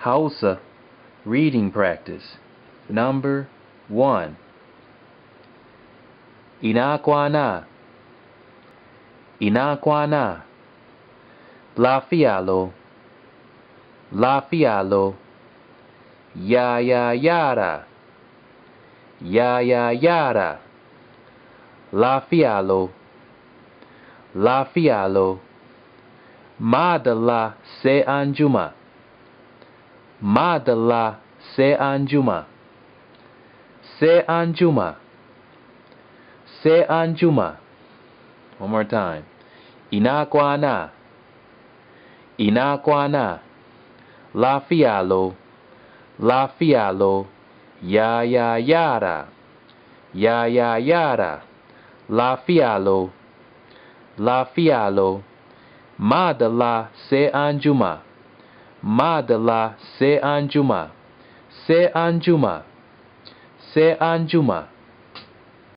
Hausa reading practice. Number 1. Inakwana. Inakwana. Lafialo. Lafialo. Ya ya yara. Ya ya yara. Lafialo. Lafialo. Madala se anjuma. Madala se anjuma. Se anjuma. Se anjuma. One more time. Inakwana. Inakwana. Lafialo. Lafialo. Ya ya yara. Ya ya yara. Lafialo. Lafialo. Madala se anjuma. Madala Se Anjuma. Se Anjuma. Se Anjuma.